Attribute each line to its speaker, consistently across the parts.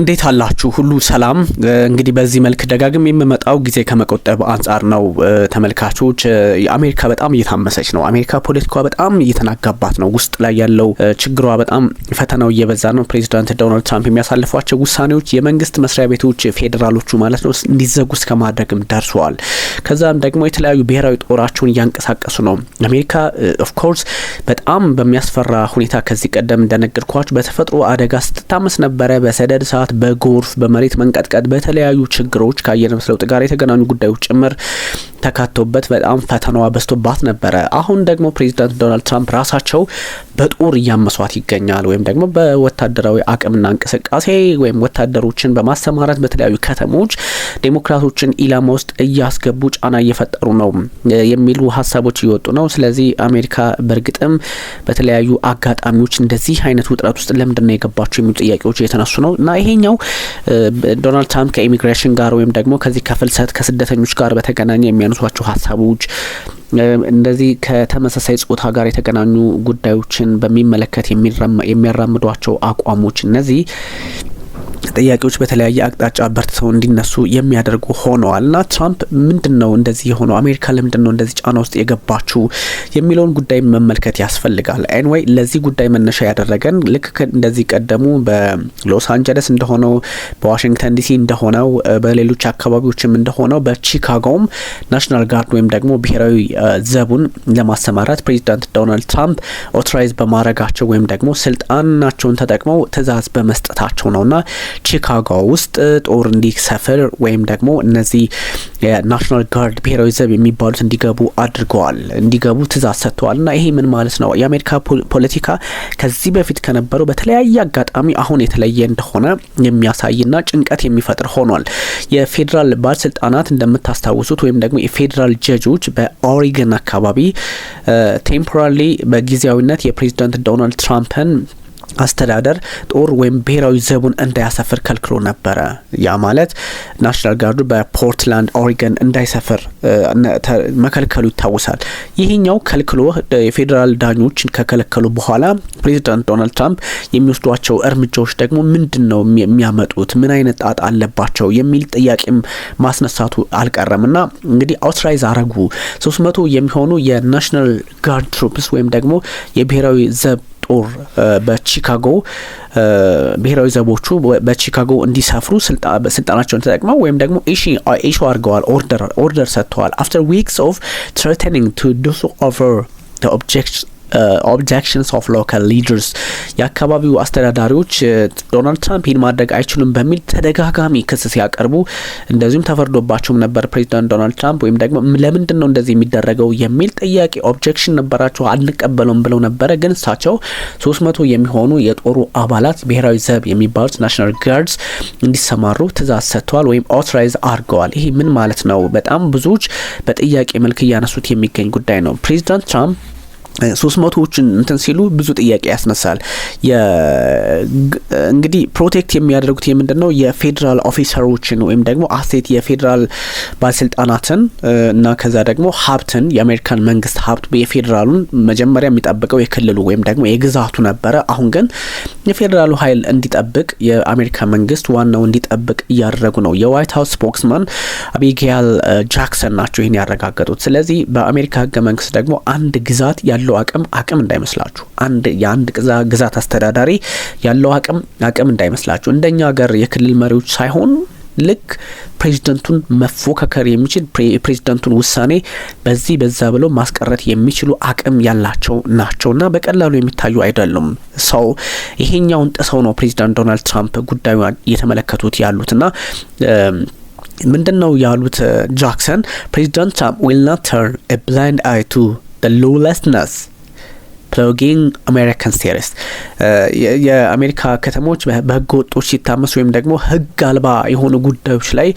Speaker 1: እንዴት አላችሁ? ሁሉ ሰላም። እንግዲህ በዚህ መልክ ደጋግም የምመጣው ጊዜ ከመቆጠብ አንጻር ነው። ተመልካቾች፣ አሜሪካ በጣም እየታመሰች ነው። አሜሪካ ፖለቲካዋ በጣም እየተናጋባት ነው። ውስጥ ላይ ያለው ችግሯ በጣም ፈተናው እየበዛ ነው። ፕሬዚዳንት ዶናልድ ትራምፕ የሚያሳልፏቸው ውሳኔዎች የመንግስት መስሪያ ቤቶች ፌዴራሎቹ ማለት ነው እንዲዘጉ እስከ ማድረግም ደርሰዋል። ከዛም ደግሞ የተለያዩ ብሔራዊ ጦራቸውን እያንቀሳቀሱ ነው። አሜሪካ ኦፍኮርስ በጣም በሚያስፈራ ሁኔታ ከዚህ ቀደም እንደነገርኳችሁ በተፈጥሮ አደጋ ስትታመስ ነበረ በሰደድ እሳት በእሳት፣ በጎርፍ፣ በመሬት መንቀጥቀጥ፣ በተለያዩ ችግሮች ከአየር ለውጥ ጋር የተገናኙ ጉዳዮች ጭምር ተካተውበት በጣም ፈተናዋ በዝቶባት ነበረ። አሁን ደግሞ ፕሬዚዳንት ዶናልድ ትራምፕ ራሳቸው በጦር እያመሷት ይገኛል። ወይም ደግሞ በወታደራዊ አቅምና እንቅስቃሴ ወይም ወታደሮችን በማሰማራት በተለያዩ ከተሞች ዴሞክራቶችን ኢላማ ውስጥ እያስገቡ ጫና እየፈጠሩ ነው የሚሉ ሀሳቦች እየወጡ ነው። ስለዚህ አሜሪካ በእርግጥም በተለያዩ አጋጣሚዎች እንደዚህ አይነት ውጥረት ውስጥ ለምንድነው የገባቸው የሚሉ ጥያቄዎች እየተነሱ ነው እና ይሄኛው ዶናልድ ትራምፕ ከኢሚግሬሽን ጋር ወይም ደግሞ ከዚህ ከፍልሰት ከስደተኞች ጋር በተገናኘ የሚያ የሚያነሷቸው ሀሳቦች እንደዚህ ከተመሳሳይ ጾታ ጋር የተገናኙ ጉዳዮችን በሚመለከት የሚያራምዷቸው አቋሞች እነዚህ ጥያቄዎች በተለያየ አቅጣጫ በርትተው እንዲነሱ የሚያደርጉ ሆነዋል እና ትራምፕ ምንድን ነው እንደዚህ የሆነው አሜሪካ ለምንድን ነው እንደዚህ ጫና ውስጥ የገባችው የሚለውን ጉዳይ መመልከት ያስፈልጋል። ኤንወይ ለዚህ ጉዳይ መነሻ ያደረገን ልክ እንደዚህ ቀደሙ በሎስ አንጀለስ እንደሆነው በዋሽንግተን ዲሲ እንደሆነው በሌሎች አካባቢዎችም እንደሆነው በቺካጎም ናሽናል ጋርድ ወይም ደግሞ ብሔራዊ ዘቡን ለማሰማራት ፕሬዚዳንት ዶናልድ ትራምፕ ኦቶራይዝ በማድረጋቸው ወይም ደግሞ ስልጣናቸውን ተጠቅመው ትዕዛዝ በመስጠታቸው ነውና ቺካጎ ውስጥ ጦር እንዲሰፍር ወይም ደግሞ እነዚህ የናሽናል ጋርድ ብሔራዊ ዘብ የሚባሉት እንዲገቡ አድርገዋል እንዲገቡ ትእዛዝ ሰጥተዋል። እና ይሄ ምን ማለት ነው? የአሜሪካ ፖለቲካ ከዚህ በፊት ከነበረው በተለያየ አጋጣሚ አሁን የተለየ እንደሆነ የሚያሳይና ጭንቀት የሚፈጥር ሆኗል። የፌዴራል ባለስልጣናት እንደምታስታውሱት ወይም ደግሞ የፌዴራል ጀጆች በኦሪገን አካባቢ ቴምፖራሪ በጊዜያዊነት የፕሬዚዳንት ዶናልድ ትራምፕን አስተዳደር ጦር ወይም ብሔራዊ ዘቡን እንዳያሰፍር ከልክሎ ነበረ። ያ ማለት ናሽናል ጋርዱ በፖርትላንድ ኦሪገን እንዳይሰፍር መከልከሉ ይታወሳል። ይህኛው ከልክሎ የፌዴራል ዳኞችን ከከለከሉ በኋላ ፕሬዚዳንት ዶናልድ ትራምፕ የሚወስዷቸው እርምጃዎች ደግሞ ምንድን ነው የሚያመጡት? ምን አይነት ጣጣ አለባቸው? የሚል ጥያቄም ማስነሳቱ አልቀረም እና እንግዲህ አውትራይዝ አረጉ ሶስት መቶ የሚሆኑ የናሽናል ጋርድ ትሩፕስ ወይም ደግሞ የብሔራዊ ዘብ ጦር በቺካጎ ብሔራዊ ዘቦቹ በቺካጎ እንዲሰፍሩ ስልጣናቸውን ተጠቅመው ወይም ደግሞ ኢሹ አድርገዋል። ኦርደር ሰጥተዋል። አፍተር ዊክስ ኦፍ ትሬትኒንግ ቱ ዱ ኦቨር ኦብጀክት ኦብጀክሽንስ ኦፍ ሎካል ሊደርስ የአካባቢው አስተዳዳሪዎች ዶናልድ uh, ትራምፕ ይህን ማድረግ አይችሉም በሚል ተደጋጋሚ ክስ ሲያቀርቡ እንደዚሁም ተፈርዶባቸውም ነበር። ፕሬዚዳንት ዶናልድ ትራምፕ ወይም ደግሞ ለምንድን ነው እንደዚህ የሚደረገው የሚል ጥያቄ ኦብጀክሽን ነበራቸው፣ አንቀበለውም ብለው ነበረ። ግን እሳቸው ሶስት መቶ የሚሆኑ የጦሩ አባላት ብሔራዊ ዘብ የሚባሉት ናሽናል ጋርድስ እንዲሰማሩ ትእዛዝ ሰጥተዋል ወይም ኦትራይዝ አድርገዋል። ይሄ ምን ማለት ነው? በጣም ብዙዎች በጥያቄ መልክ እያነሱት የሚገኝ ጉዳይ ነው። ፕሬዚዳንት ትራምፕ ሶስት መቶዎችን እንትን ሲሉ ብዙ ጥያቄ ያስነሳል። እንግዲህ ፕሮቴክት የሚያደርጉት የምንድን ነው? የፌዴራል ኦፊሰሮችን ወይም ደግሞ አስቴት የፌዴራል ባለስልጣናትን እና ከዛ ደግሞ ሀብትን የአሜሪካን መንግስት ሀብት የፌዴራሉን መጀመሪያ የሚጠብቀው የክልሉ ወይም ደግሞ የግዛቱ ነበረ። አሁን ግን የፌዴራሉ ኃይል እንዲጠብቅ የአሜሪካ መንግስት ዋናው እንዲጠብቅ እያደረጉ ነው። የዋይት ሀውስ ስፖክስማን አቢጌያል ጃክሰን ናቸው ይህን ያረጋገጡት። ስለዚህ በአሜሪካ ህገ መንግስት ደግሞ አንድ ግዛት ያ። ያለው አቅም አቅም እንዳይመስላችሁ። አንድ የአንድ ግዛት አስተዳዳሪ ያለው አቅም አቅም እንዳይመስላችሁ። እንደኛ ሀገር የክልል መሪዎች ሳይሆን ልክ ፕሬዚደንቱን መፎካከር የሚችል የፕሬዚደንቱን ውሳኔ በዚህ በዛ ብለው ማስቀረት የሚችሉ አቅም ያላቸው እና በቀላሉ የሚታዩ አይደሉም። ሰው ይሄኛውን ጥሰው ነው ፕሬዚዳንት ዶናልድ ትራምፕ ጉዳዩ እየተመለከቱት ያሉትና ምንድን ነው ያሉት ጃክሰን ፕሬዚዳንት ትራምፕ ዊል ናት ተርን ኤ ብላይንድ አይ ቱ the lawlessness ፕሎጊንግ አሜሪካን ስቴሪስ የአሜሪካ ከተሞች በህገ ወጦች ሲታመሱ ወይም ደግሞ ህግ አልባ የሆኑ ጉዳዮች ላይ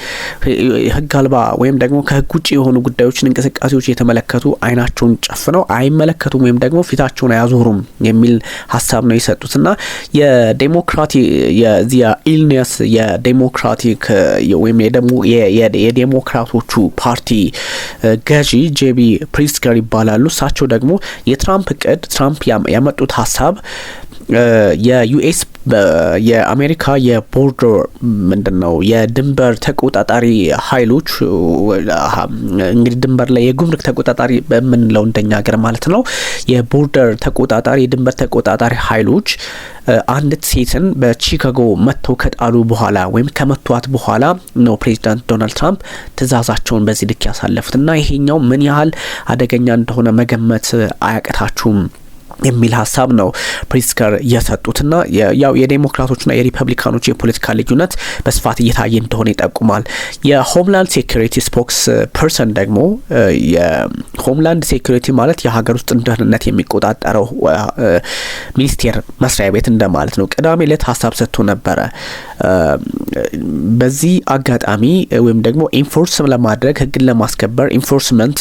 Speaker 1: ህግ አልባ ወይም ደግሞ ከህግ ውጭ የሆኑ ጉዳዮችን እንቅስቃሴዎች የተመለከቱ አይናቸውን ጨፍነው አይመለከቱም ወይም ደግሞ ፊታቸውን አያዞሩም የሚል ሀሳብ ነው የሰጡት እና የዴሞክራቲ ኢልኒስ የዴሞክራቲክ ወይም የዴሞክራቶቹ ፓርቲ ገዢ ጄቢ ፕሪስከር ይባላሉ። እሳቸው ደግሞ የትራምፕ እቅድ ትራምፕ ያመጡት ሀሳብ የዩኤስ የአሜሪካ የቦርደር ምንድን ነው የድንበር ተቆጣጣሪ ኃይሎች እንግዲህ ድንበር ላይ የጉምሩክ ተቆጣጣሪ በምንለው እንደኛ ሀገር ማለት ነው። የቦርደር ተቆጣጣሪ የድንበር ተቆጣጣሪ ኃይሎች አንዲት ሴትን በቺካጎ መጥተው ከጣሉ በኋላ ወይም ከመቷት በኋላ ነው ፕሬዚዳንት ዶናልድ ትራምፕ ትዕዛዛቸውን በዚህ ልክ ያሳለፉት እና ይሄኛው ምን ያህል አደገኛ እንደሆነ መገመት አያቅታችሁም። የሚል ሀሳብ ነው ፕሪስከር የሰጡትና ያው የዴሞክራቶችና የሪፐብሊካኖች የፖለቲካ ልዩነት በስፋት እየታየ እንደሆነ ይጠቁማል። የሆምላንድ ሴኩሪቲ ስፖክስ ፐርሰን ደግሞ የሆምላንድ ሴኩሪቲ ማለት የሀገር ውስጥ ደህንነት የሚቆጣጠረው ሚኒስቴር መስሪያ ቤት እንደማለት ነው። ቅዳሜ ዕለት ሀሳብ ሰጥቶ ነበረ። በዚህ አጋጣሚ ወይም ደግሞ ኢንፎርስ ለማድረግ ህግን ለማስከበር ኢንፎርስመንት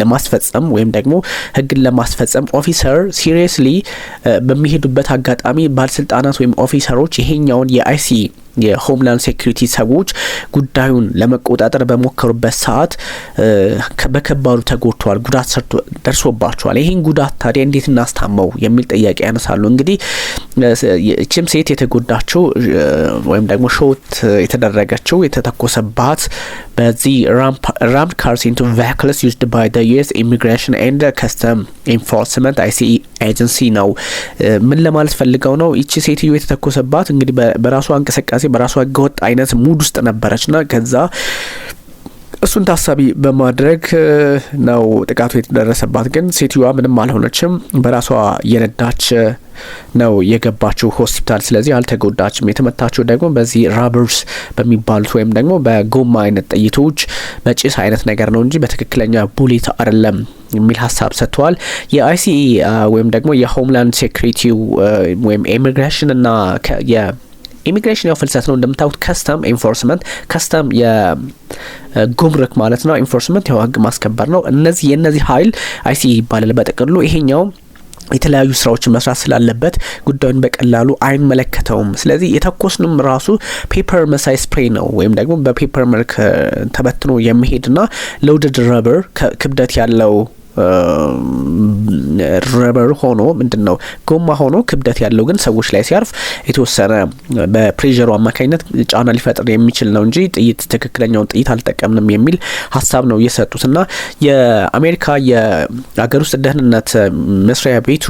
Speaker 1: ለማስፈጸም ወይም ደግሞ ህግን ለማስፈጸም ኦፊስ ኦፊሰር ሲሪየስሊ በሚሄዱበት አጋጣሚ ባለስልጣናት ወይም ኦፊሰሮች ይሄኛውን የአይሲ የሆምላንድ ሴኩሪቲ ሰዎች ጉዳዩን ለመቆጣጠር በሞከሩበት ሰዓት በከባዱ ተጎድተዋል፣ ጉዳት ደርሶባቸዋል። ይህን ጉዳት ታዲያ እንዴት እናስታመው የሚል ጥያቄ ያነሳሉ። እንግዲህ ችም ሴት የተጎዳችው ወይም ደግሞ ሾት የተደረገችው የተተኮሰባት በዚህ ራምድ ካርስ ኢንቱ ቬክልስ ዩዝድ ባይ ደ ዩኤስ ኢሚግሬሽን ኤንድ ከስተም ኢንፎርስመንት አይሲኢ ኤጀንሲ ነው። ምን ለማለት ፈልገው ነው? ይቺ ሴትዮ የተተኮሰባት እንግዲህ በራሷ እንቅስቃሴ እንቅስቃሴ በራሱ ህገወጥ አይነት ሙድ ውስጥ ነበረችና ከዛ እሱን ታሳቢ በማድረግ ነው ጥቃቱ የተደረሰባት። ግን ሴትዮዋ ምንም አልሆነችም። በራሷ እየነዳች ነው የገባችው ሆስፒታል። ስለዚህ አልተጎዳችም። የተመታችው ደግሞ በዚህ ራበርስ በሚባሉት ወይም ደግሞ በጎማ አይነት ጥይቶች በጭስ አይነት ነገር ነው እንጂ በትክክለኛ ቡሌት አይደለም የሚል ሀሳብ ሰጥተዋል። የአይሲኢ ወይም ደግሞ የሆምላንድ ሴክሪቲው ወይም ኢሚግሬሽን እና ኢሚግሬሽን ያው ፍልሰት ነው እንደምታውቁት። ከስተም ኢንፎርስመንት፣ ከስተም የጉምሩክ ማለት ነው። ኢንፎርስመንት ያው ህግ ማስከበር ነው። እነዚህ የእነዚህ ሀይል አይሲ ይባላል በጥቅሉ ይሄኛው የተለያዩ ስራዎችን መስራት ስላለበት ጉዳዩን በቀላሉ አይመለከተውም። ስለዚህ የተኮስንም ራሱ ፔፐር መሳይ ስፕሬይ ነው ወይም ደግሞ በፔፐር መልክ ተበትኖ የሚሄድና ሎድድ ረበር ክብደት ያለው ረበር ሆኖ ምንድን ነው ጎማ ሆኖ ክብደት ያለው ግን ሰዎች ላይ ሲያርፍ የተወሰነ በፕሬሩ አማካኝነት ጫና ሊፈጥር የሚችል ነው እንጂ ጥይት ትክክለኛውን ጥይት አልጠቀምንም የሚል ሀሳብ ነው እየሰጡት እና የአሜሪካ የአገር ውስጥ ደህንነት መስሪያ ቤቱ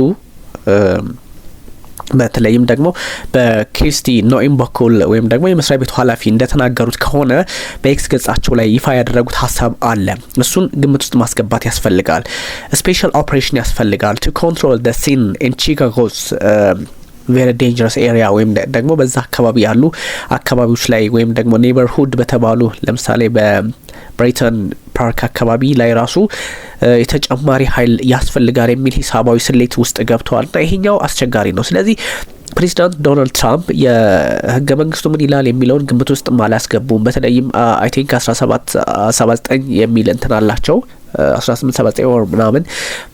Speaker 1: በተለይም ደግሞ በክሪስቲ ኖኢም በኩል ወይም ደግሞ የመስሪያ ቤቱ ኃላፊ እንደተናገሩት ከሆነ በኤክስ ገጻቸው ላይ ይፋ ያደረጉት ሀሳብ አለ። እሱን ግምት ውስጥ ማስገባት ያስፈልጋል። ስፔሻል ኦፕሬሽን ያስፈልጋል ቱ ኮንትሮል ደ ሲን ኢን ቺካጎስ ቬሪ ዴንጀረስ ኤሪያ ወይም ደግሞ በዛ አካባቢ ያሉ አካባቢዎች ላይ ወይም ደግሞ ኔበርሁድ በተባሉ ለምሳሌ በብሬተን ፓርክ አካባቢ ላይ ራሱ የተጨማሪ ኃይል ያስፈልጋል የሚል ሂሳባዊ ስሌት ውስጥ እና ይሄኛው አስቸጋሪ ነው። ስለዚህ ፕሬዚዳንት ዶናልድ ትራምፕ የህገ መንግስቱ ምን ይላል የሚለውን ግምት ውስጥ አላስገቡም። በተለይም አይ ቲንክ አስራ ሰባት ሰባ ዘጠኝ የሚል እንትን አላቸው 1879 ምናምን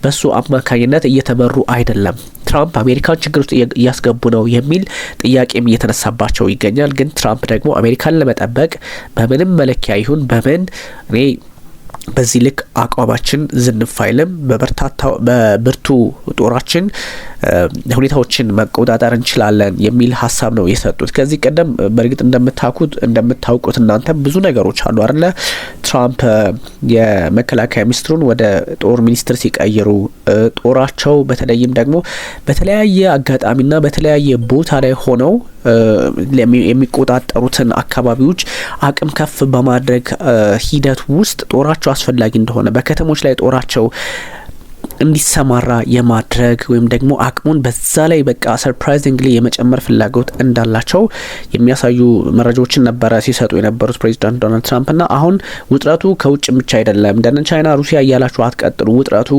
Speaker 1: በሱ አማካኝነት እየተመሩ አይደለም። ትራምፕ አሜሪካን ችግር ውስጥ እያስገቡ ነው የሚል ጥያቄም እየተነሳባቸው ይገኛል። ግን ትራምፕ ደግሞ አሜሪካን ለመጠበቅ በምንም መለኪያ ይሁን በምን እኔ በዚህ ልክ አቋማችን ዝንፍ አይልም። በብርቱ ጦራችን ሁኔታዎችን መቆጣጠር እንችላለን የሚል ሀሳብ ነው የሰጡት። ከዚህ ቀደም በእርግጥ እንደምታውቁት እንደምታውቁት እናንተ ብዙ ነገሮች አሉ አለ ትራምፕ የመከላከያ ሚኒስትሩን ወደ ጦር ሚኒስትር ሲቀይሩ ጦራቸው በተለይም ደግሞ በተለያየ አጋጣሚና በተለያየ ቦታ ላይ ሆነው የሚቆጣጠሩትን አካባቢዎች አቅም ከፍ በማድረግ ሂደት ውስጥ ጦራቸው አስፈላጊ እንደሆነ በከተሞች ላይ ጦራቸው እንዲሰማራ የማድረግ ወይም ደግሞ አቅሙን በዛ ላይ በቃ ሰርፕራይዚንግሊ የመጨመር ፍላጎት እንዳላቸው የሚያሳዩ መረጃዎችን ነበረ ሲሰጡ የነበሩት ፕሬዚዳንት ዶናልድ ትራምፕ። እና አሁን ውጥረቱ ከውጭም ብቻ አይደለም ደን ቻይና፣ ሩሲያ እያላችሁ አትቀጥሉ፣ ውጥረቱ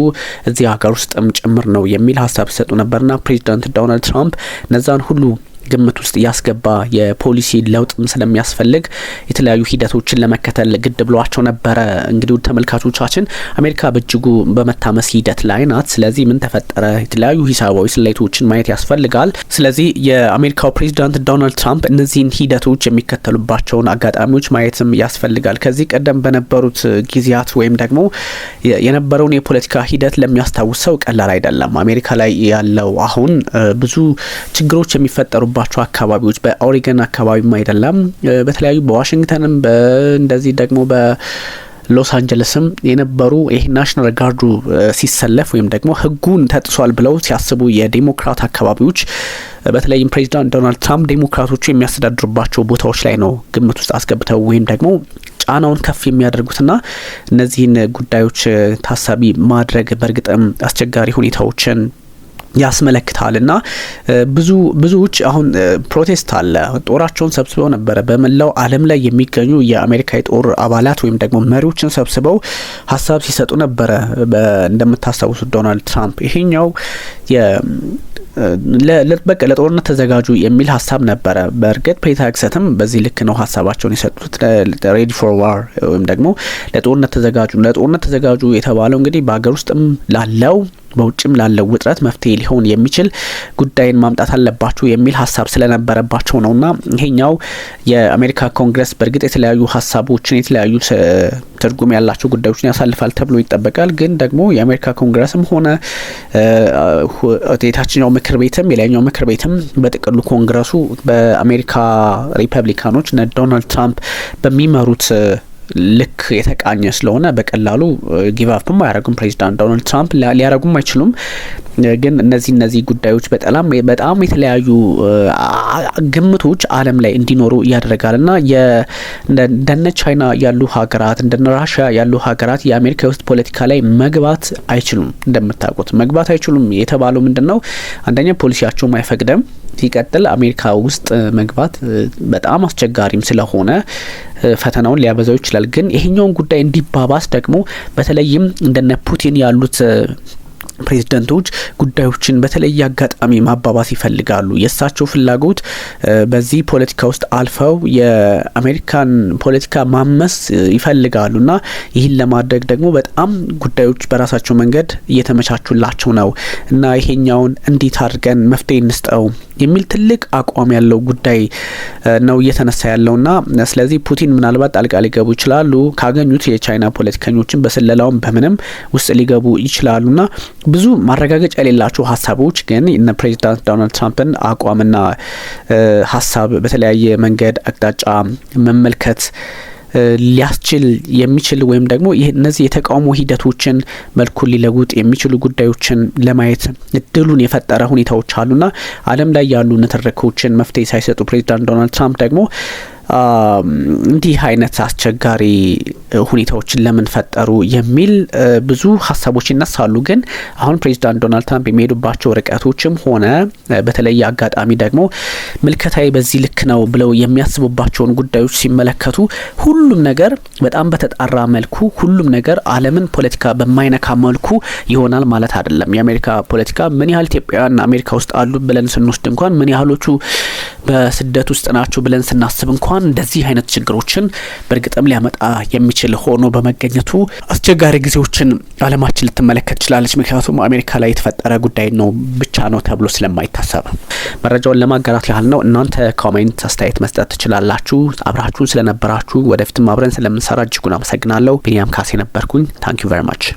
Speaker 1: እዚህ ሀገር ውስጥም ጭምር ነው የሚል ሀሳብ ሲሰጡ ና ፕሬዚዳንት ዶናልድ ትራምፕ እነዛን ሁሉ ግምት ውስጥ ያስገባ የፖሊሲ ለውጥም ስለሚያስፈልግ የተለያዩ ሂደቶችን ለመከተል ግድ ብሏቸው ነበረ። እንግዲህ ተመልካቾቻችን አሜሪካ በእጅጉ በመታመስ ሂደት ላይ ናት። ስለዚህ ምን ተፈጠረ? የተለያዩ ሂሳባዊ ስሌቶችን ማየት ያስፈልጋል። ስለዚህ የአሜሪካው ፕሬዚዳንት ዶናልድ ትራምፕ እነዚህን ሂደቶች የሚከተሉባቸውን አጋጣሚዎች ማየትም ያስፈልጋል። ከዚህ ቀደም በነበሩት ጊዜያት ወይም ደግሞ የነበረውን የፖለቲካ ሂደት ለሚያስታውስ ሰው ቀላል አይደለም። አሜሪካ ላይ ያለው አሁን ብዙ ችግሮች የሚፈጠሩ ባሉባቸው አካባቢዎች በኦሪገን አካባቢም አይደለም በተለያዩ በዋሽንግተንም እንደዚህ ደግሞ በ ሎስ አንጀለስም የነበሩ ይሄ ናሽናል ጋርዱ ሲሰለፍ ወይም ደግሞ ህጉን ተጥሷል ብለው ሲያስቡ የዴሞክራት አካባቢዎች በተለይም ፕሬዚዳንት ዶናልድ ትራምፕ ዴሞክራቶቹ የሚያስተዳድሩባቸው ቦታዎች ላይ ነው ግምት ውስጥ አስገብተው ወይም ደግሞ ጫናውን ከፍ የሚያደርጉትና እነዚህን ጉዳዮች ታሳቢ ማድረግ በእርግጥም አስቸጋሪ ሁኔታዎችን ያስመለክታል እና ብዙ ብዙዎች አሁን ፕሮቴስት አለ ጦራቸውን ሰብስበው ነበረ። በመላው ዓለም ላይ የሚገኙ የአሜሪካ የጦር አባላት ወይም ደግሞ መሪዎችን ሰብስበው ሀሳብ ሲሰጡ ነበረ። እንደምታስታውሱ ዶናልድ ትራምፕ ይሄኛው በቃ ለጦርነት ተዘጋጁ የሚል ሀሳብ ነበረ። በእርግጥ ፔታክሰትም በዚህ ልክ ነው ሀሳባቸውን የሰጡት። ሬዲ ፎር ዋር ወይም ደግሞ ለጦርነት ተዘጋጁ ለጦርነት ተዘጋጁ የተባለው እንግዲህ በሀገር ውስጥም ላለው በውጭም ላለው ውጥረት መፍትሄ ሊሆን የሚችል ጉዳይን ማምጣት አለባችሁ የሚል ሀሳብ ስለነበረባቸው ነውና ይሄኛው የአሜሪካ ኮንግረስ በእርግጥ የተለያዩ ሀሳቦችን የተለያዩ ትርጉም ያላቸው ጉዳዮችን ያሳልፋል ተብሎ ይጠበቃል። ግን ደግሞ የአሜሪካ ኮንግረስም ሆነ የታችኛው ምክር ቤትም የላይኛው ምክር ቤትም በጥቅሉ ኮንግረሱ በአሜሪካ ሪፐብሊካኖች እነ ዶናልድ ትራምፕ በሚመሩት ልክ የተቃኘ ስለሆነ በቀላሉ ጊቫፕም uh, አያደረጉም። ፕሬዚዳንት ዶናልድ ትራምፕ ሊያደረጉም አይችሉም። uh, ግን እነዚህ እነዚህ ጉዳዮች በጣም በጣም የተለያዩ uh, ግምቶች አለም ላይ እንዲኖሩ እያደረጋል ና እንደነ ቻይና ያሉ ሀገራት እንደነ ራሽያ ያሉ ሀገራት የአሜሪካ የውስጥ ፖለቲካ ላይ መግባት አይችሉም። እንደምታውቁት መግባት አይችሉም የተባለው ምንድን ነው? አንደኛ ፖሊሲያቸውም አይፈቅደም። ሲቀጥል አሜሪካ ውስጥ መግባት በጣም አስቸጋሪም ስለሆነ ፈተናውን ሊያበዛው ይችላል። ግን ይሄኛውን ጉዳይ እንዲባባስ ደግሞ በተለይም እንደነ ፑቲን ያሉት ፕሬዝደንቶች ጉዳዮችን በተለየ አጋጣሚ ማባባስ ይፈልጋሉ። የእሳቸው ፍላጎት በዚህ ፖለቲካ ውስጥ አልፈው የአሜሪካን ፖለቲካ ማመስ ይፈልጋሉ እና ይህን ለማድረግ ደግሞ በጣም ጉዳዮች በራሳቸው መንገድ እየተመቻቹላቸው ነው እና ይሄኛውን እንዴት አድርገን መፍትሄ እንስጠው የሚል ትልቅ አቋም ያለው ጉዳይ ነው እየተነሳ ያለውና ስለዚህ ፑቲን ምናልባት ጣልቃ ሊገቡ ይችላሉ። ካገኙት የቻይና ፖለቲከኞችን በስለላውም በምንም ውስጥ ሊገቡ ይችላሉና ብዙ ማረጋገጫ የሌላቸው ሀሳቦች ግን እነ ፕሬዚዳንት ዶናልድ ትራምፕን አቋምና ሀሳብ በተለያየ መንገድ አቅጣጫ መመልከት ሊያስችል የሚችል ወይም ደግሞ እነዚህ የተቃውሞ ሂደቶችን መልኩ ሊለውጥ የሚችሉ ጉዳዮችን ለማየት እድሉን የፈጠረ ሁኔታዎች አሉና ዓለም ላይ ያሉ ንትርኮችን መፍትሄ ሳይሰጡ ፕሬዚዳንት ዶናልድ ትራምፕ ደግሞ እንዲህ አይነት አስቸጋሪ ሁኔታዎችን ለምን ፈጠሩ የሚል ብዙ ሀሳቦች ይነሳሉ። ግን አሁን ፕሬዚዳንት ዶናልድ ትራምፕ የሚሄዱባቸው ርቀቶችም ሆነ በተለየ አጋጣሚ ደግሞ ምልከታዊ በዚህ ልክ ነው ብለው የሚያስቡባቸውን ጉዳዮች ሲመለከቱ ሁሉም ነገር በጣም በተጣራ መልኩ ሁሉም ነገር ዓለምን ፖለቲካ በማይነካ መልኩ ይሆናል ማለት አይደለም። የአሜሪካ ፖለቲካ ምን ያህል ኢትዮጵያውያን አሜሪካ ውስጥ አሉ ብለን ስንወስድ እንኳን ምን ያህሎቹ በስደት ውስጥ ናቸው ብለን ስናስብ እንኳን እንደዚህ አይነት ችግሮችን በእርግጥም ሊያመጣ የሚችል የሚችል ሆኖ በመገኘቱ አስቸጋሪ ጊዜዎችን አለማችን ልትመለከት ትችላለች። ምክንያቱም አሜሪካ ላይ የተፈጠረ ጉዳይ ነው ብቻ ነው ተብሎ ስለማይታሰብ መረጃውን ለማጋራት ያህል ነው። እናንተ ኮሜንት፣ አስተያየት መስጠት ትችላላችሁ። አብራችሁን ስለነበራችሁ ወደፊትም አብረን ስለምንሰራ እጅጉን አመሰግናለሁ። ቢኒያም ካሴ ነበርኩኝ። ታንክ ዩ ቨሪ ማች